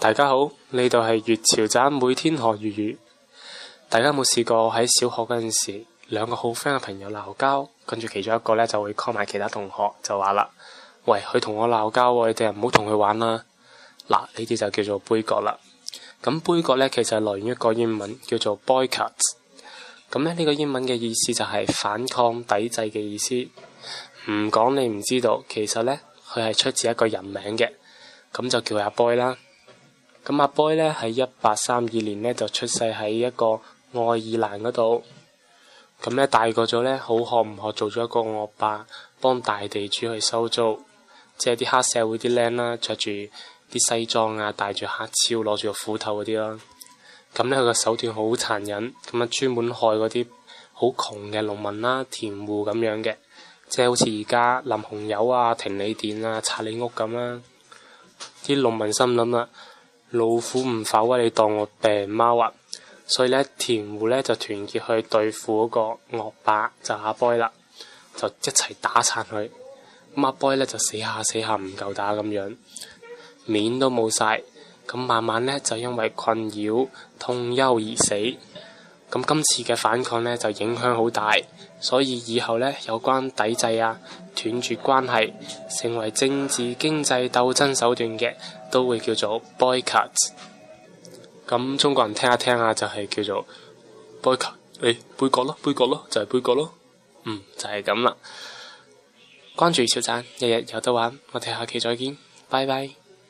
大家好，呢度係粵潮站，每天學粵語。大家有冇試過喺小學嗰陣時，兩個好 friend 嘅朋友鬧交，跟住其中一個咧就會 call 埋其他同學，就話啦，喂，佢同我鬧交喎，你哋唔好同佢玩啦。嗱，呢啲就叫做杯葛啦。咁杯葛咧，其實係來源一個英文叫做 boycott。咁咧呢個英文嘅意思就係反抗抵制嘅意思。唔講你唔知道，其實咧佢係出自一個人名嘅，咁就叫阿 boy 啦。咁阿、嗯啊、boy 咧喺一八三二年咧就出世喺一個愛爾蘭嗰度。咁咧大個咗咧，好學唔學做咗一個惡霸，幫大地主去收租，即係啲黑社會啲靚啦，着住啲西裝啊，戴住黑超，攞住個斧頭嗰啲啦。咁咧佢個手段好殘忍，咁啊專門害嗰啲好窮嘅農民啦、啊、田戶咁樣嘅，即係好似而家淋紅油啊、停你電啊、拆你屋咁啦、啊。啲農民心諗啦。老虎唔發威，你當我病貓啊，所以咧，佃戶咧就團結去對付嗰個惡霸，就阿、啊、boy 啦，就一齊打殘佢。咁、啊、阿 boy 咧就死下死下唔夠打咁樣，面都冇晒。咁慢慢咧就因為困擾、痛憂而死。咁今次嘅反抗呢，就影響好大，所以以後呢，有關抵制啊、斷絕關係、成為政治經濟鬥爭手段嘅，都會叫做 boycott。咁中國人聽下聽下、啊、就係、是、叫做 boycott，誒、哎、背角咯，杯葛咯，就係杯葛咯。嗯，就係咁啦。關注小贊，日日有得玩。我哋下期再見，拜拜。